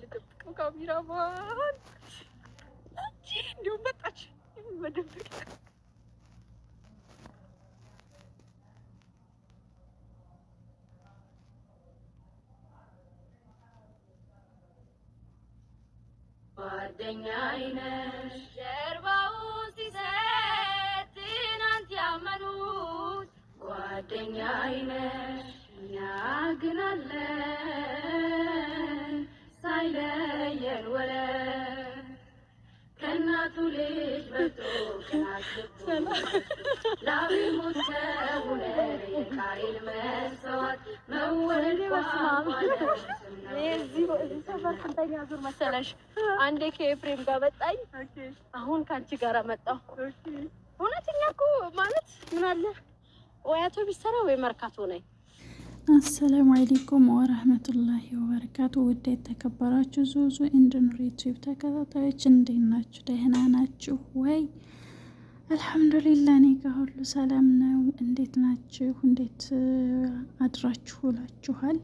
ልደብቀው ካሜራማን አንቺ እንዲሁም መጣች መደበቅ ጓደኛ አይነሽ ጀርባው ሲሰጥ ትናንት ያመኑት ጓደኛ አይነሽ እኛ ግን አለን አይለየን ወለድ ከእናቱ ልጅ ስንተኛ ዙር መሰለሽ? አንዴ ከኤፍሬም ጋር መጣኝ፣ አሁን ከአንቺ ጋር መጣሁ። እውነተኛ እኮ ማለት ምን አለ ወይ አውቶቢስ ወይ መርካቶ ነኝ አሰላሙ አሌይኩም ወረህመቱላሂ ወበረካቱ። ውድ የተከበራችሁ ዙዙ ኢንድኑር ዩቲዩብ ተከታታዮች እንዴት ናችሁ? ደህና ናችሁ ወይ? አልሐምዱሊላ እኔ ጋር ሁሉ ሰላም ነው። እንዴት ናችሁ? እንዴት አድራችሁ ውላችኋል?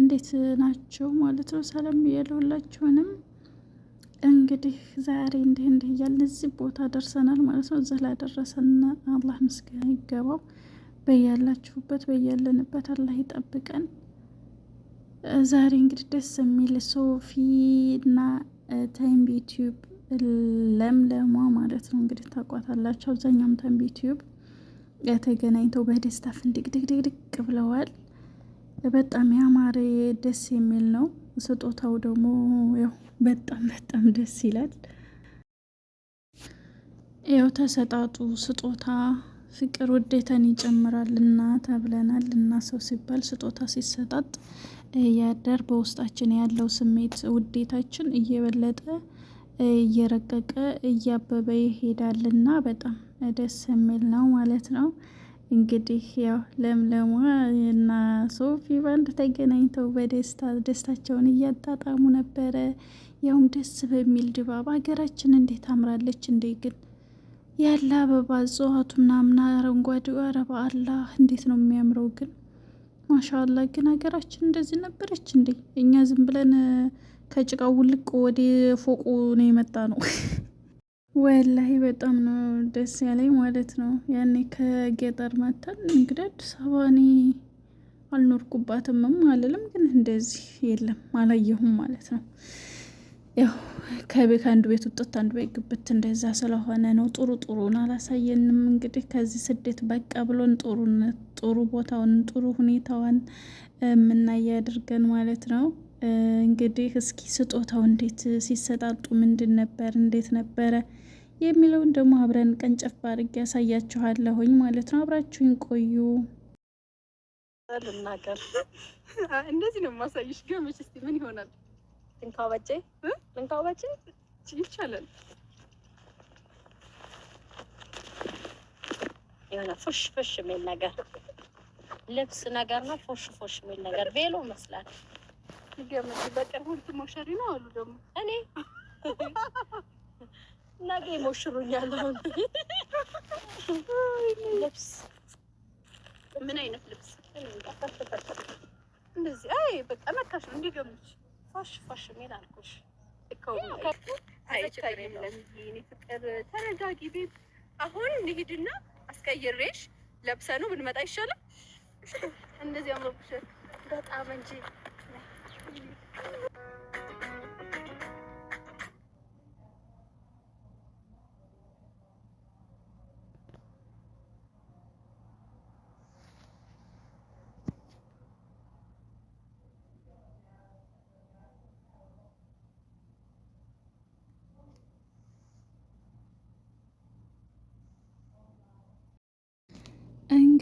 እንዴት ናችሁ ማለት ነው። ሰላም ብያለሁ ሁላችሁንም። እንግዲህ ዛሬ እንዲህ እንዲህ እያልን እዚህ ቦታ ደርሰናል ማለት ነው። እዚህ ላደረሰን አላህ ምስጋና ይገባው። በያላችሁበት በያለንበት አላህ ይጠብቀን። ዛሬ እንግዲህ ደስ የሚል ሶፊ እና ታይም ቢዩቲዩብ ለምለሟ ማለት ነው እንግዲህ ታውቋታላችሁ። አብዛኛውም ታይም ቢዩቲዩብ ተገናኝተው በደስታ ፍንድቅ ብለዋል። በጣም ያማረ ደስ የሚል ነው። ስጦታው ደግሞ ያው በጣም በጣም ደስ ይላል። ያው ተሰጣጡ ስጦታ ፍቅር ውዴታን ይጨምራል እና ተብለናል እና ሰው ሲባል ስጦታ ሲሰጣጥ ያደር በውስጣችን ያለው ስሜት ውዴታችን እየበለጠ እየረቀቀ እያበበ ይሄዳል እና በጣም ደስ የሚል ነው ማለት ነው። እንግዲህ ያው ለምለሟ እና ሶፊ ባንድ ተገናኝተው በደስታ ደስታቸውን እያጣጣሙ ነበረ። ያውም ደስ በሚል ድባብ ሀገራችን እንዴት አምራለች እንዴ ግን ያለ አበባ እጽዋቱ ምናምን አረንጓዴው፣ ኧረ በአላህ እንዴት ነው የሚያምረው! ግን ማሻላ ግን ሀገራችን እንደዚህ ነበረች እንዴ? እኛ ዝም ብለን ከጭቃው ውልቅ ወደ ፎቁ ነው የመጣ ነው። ወላሂ በጣም ነው ደስ ያለኝ ማለት ነው። ያኔ ከገጠር መተን እንግዲህ አዲስ አበባ እኔ አልኖርኩባትምም አልልም፣ ግን እንደዚህ የለም አላየሁም ማለት ነው። ያው ከአንዱ ቤት ውጥት አንዱ ቤት ግብት እንደዛ ስለሆነ ነው። ጥሩ ጥሩን አላሳየንም። እንግዲህ ከዚህ ስደት በቃ ብሎን ጥሩ ቦታውን ጥሩ ሁኔታዋን የምናየ አድርገን ማለት ነው። እንግዲህ እስኪ ስጦታው እንዴት ሲሰጣጡ ምንድን ነበር እንዴት ነበረ የሚለውን ደግሞ አብረን ቀንጨፍ አድርጌ ያሳያችኋለሁኝ ማለት ነው። አብራችሁኝ ቆዩ። ልናገር እንደዚህ ነው የማሳይሽ ገመች። እስኪ ምን ይሆናል ልንካው በጄ ይቻላል። የሆነ ፎሽ ፎሽ የሚል ነገር ልብስ ነገር ነው። ፎሽ ፎሽ የሚል ነገር ቬሎ መስላል። ይገመት በቅርቡ ልትሞሸሪ ነው አሉ ደግሞ እኔ ነገ ይሞሽሩኛል። አሁን ልብስ ምን አይነት ልብስ እንደዚህ አይ በቃ መካሽ ነው እንዲገምች ፋሽ ፋሽ የሚል አልኩሽ። ተረጋጊ ቤት። አሁን እንሂድና አስቀይሬሽ ለብሰኑ ብንመጣ ይሻላል። እንደዚህ አምሮብሽ በጣም እንጂ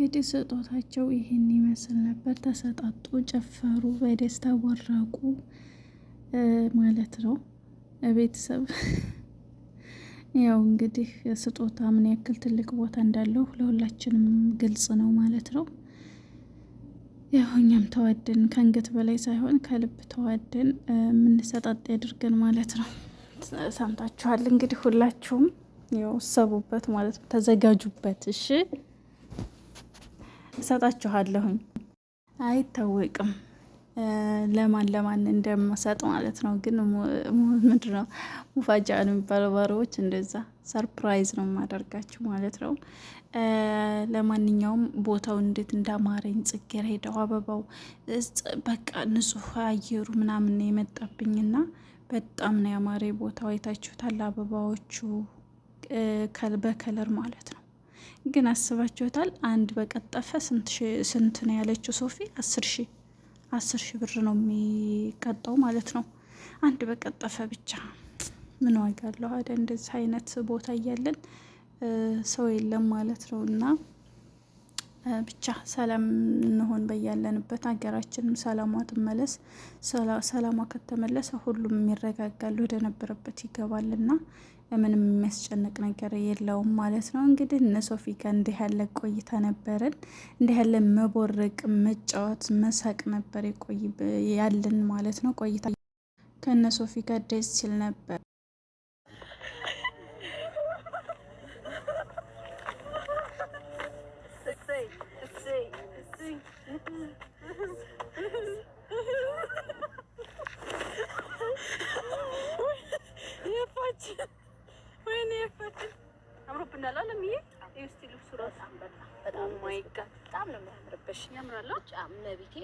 እንግዲህ ስጦታቸው ይህን ይመስል ነበር። ተሰጣጡ፣ ጨፈሩ፣ በደስታ ወረቁ ማለት ነው። ቤተሰብ ያው እንግዲህ ስጦታ ምን ያክል ትልቅ ቦታ እንዳለው ለሁላችንም ግልጽ ነው ማለት ነው። ያው እኛም ተዋደን ከአንገት በላይ ሳይሆን ከልብ ተዋደን የምንሰጣጥ ያድርገን ማለት ነው። ሰምታችኋል እንግዲህ ሁላችሁም ያው ሰቡበት ማለት ነው። ተዘጋጁበት እሺ። እሰጣችኋለሁኝ። አይታወቅም ለማን ለማን እንደምሰጥ ማለት ነው። ግን ምንድን ነው ሙፋጃ ነው የሚባለው ባሮዎች እንደዛ ሰርፕራይዝ ነው የማደርጋችሁ ማለት ነው። ለማንኛውም ቦታው እንዴት እንዳማረኝ ሄደው አበባው፣ በቃ ንጹህ አየሩ ምናምን የመጣብኝና በጣም ነው ያማረ ቦታው። አይታችሁታል አበባዎቹ በከለር ማለት ነው። ግን አስባችሁታል? አንድ በቀጠፈ ስንት ነው ያለችው ሶፊ? አስር ሺ አስር ሺ ብር ነው የሚቀጣው ማለት ነው። አንድ በቀጠፈ ብቻ ምን ዋጋ አለው? እንደዚህ አይነት ቦታ እያለን ሰው የለም ማለት ነው እና ብቻ ሰላም እንሆን በያለንበት። ሀገራችንም ሰላሟ ትመለስ። ሰላሟ ከተመለሰ ሁሉም ይረጋጋል፣ ወደ ነበረበት ይገባልና ምንም የሚያስጨንቅ ነገር የለውም ማለት ነው። እንግዲህ እነ ሶፊ ጋር እንዲህ ያለ ቆይታ ነበረን። እንዲህ ያለ መቦረቅ፣ መጫወት፣ መሳቅ ነበር ያለን ማለት ነው። ቆይታ ከእነ ሶፊ ጋር ደስ ሲል ነበር። ያምራል አለ ምዬ እስቲ ልብሱ ራሱ በጣም ማይጋ በጣም ነው የሚያምርብሽ። ያምራል ጫም ነብቴ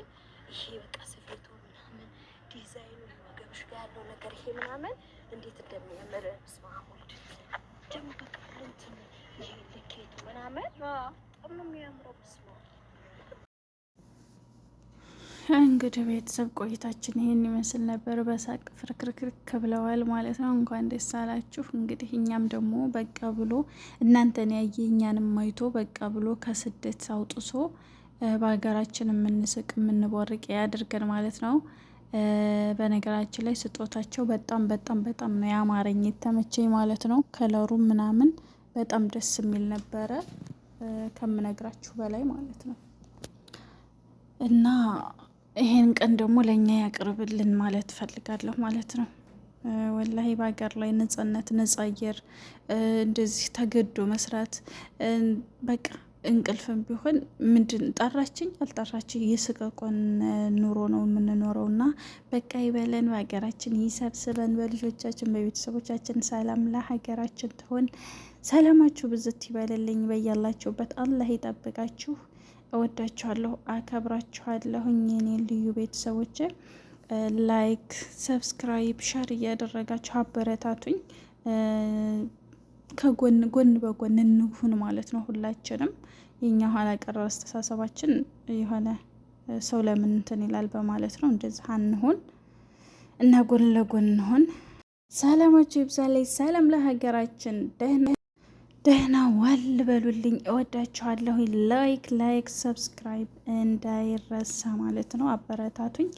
ይሄ በቃ ስፌቱ ምናምን ዲዛይኑ ወገብሽ ጋር ያለው ነገር ይሄ ምናምን እንዴት እንደሚያምር ስማ ደግሞ በቃ እንትን ይሄ ልኬቱ ምናምን በጣም ነው የሚያምረው ስማ እንግዲህ ቤተሰብ ቆይታችን ይህን ይመስል ነበር። በሳቅ ፍርክርክርክ ብለዋል ማለት ነው። እንኳን ደስ አላችሁ። እንግዲህ እኛም ደግሞ በቃ ብሎ እናንተን ያየ እኛንም አይቶ በቃ ብሎ ከስደት አውጥቶ በሀገራችን የምንስቅ የምንቦርቅ ያድርገን ማለት ነው። በነገራችን ላይ ስጦታቸው በጣም በጣም በጣም ነው ያማረኝ የተመቸኝ ማለት ነው። ከለሩ ምናምን በጣም ደስ የሚል ነበረ ከምነግራችሁ በላይ ማለት ነው እና ይሄን ቀን ደግሞ ለእኛ ያቅርብልን ማለት ፈልጋለሁ ማለት ነው። ወላሂ በሀገር ላይ ነጻነት፣ ነጻ አየር፣ እንደዚህ ተገዶ መስራት በቃ እንቅልፍም ቢሆን ምንድን ጠራችኝ አልጠራችኝ የስቀቆን ኑሮ ነው የምንኖረው እና በቃ ይበለን፣ በሀገራችን ይሰብስበን፣ በልጆቻችን በቤተሰቦቻችን ሰላም ለሀገራችን ትሆን። ሰላማችሁ ብዝት ይበልልኝ በያላችሁበት፣ አላህ ይጠብቃችሁ። እወዳችኋለሁ፣ አከብራችኋለሁ። የኔ ልዩ ቤተሰቦች። ላይክ፣ ሰብስክራይብ፣ ሸር እያደረጋችሁ አበረታቱኝ። ከጎን ጎን በጎን እንሁን ማለት ነው። ሁላችንም የኛ ኋላ ቀር አስተሳሰባችን የሆነ ሰው ለምን እንትን ይላል በማለት ነው። እንደዚህ አንሁን እና ጎን ለጎን እንሁን። ሰላማችሁ ይብዛ። ላይ ሰላም ለሀገራችን ደህና ደህና ዋል በሉልኝ። እወዳችኋለሁ። ላይክ ላይክ ሰብስክራይብ እንዳይረሳ ማለት ነው። አበረታቱኝ።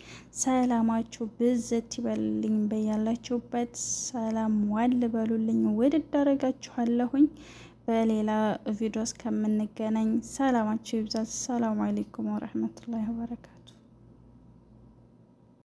ሰላማችሁ ብዘት ይበልልኝ። በያላችሁበት ሰላም ዋል በሉልኝ። ውድድ በሌላ ቪዲዮ እስከምንገናኝ ሰላማችሁ ይብዛል። ሰላም አሌይኩም ወረህመቱላሂ ወበረካቱ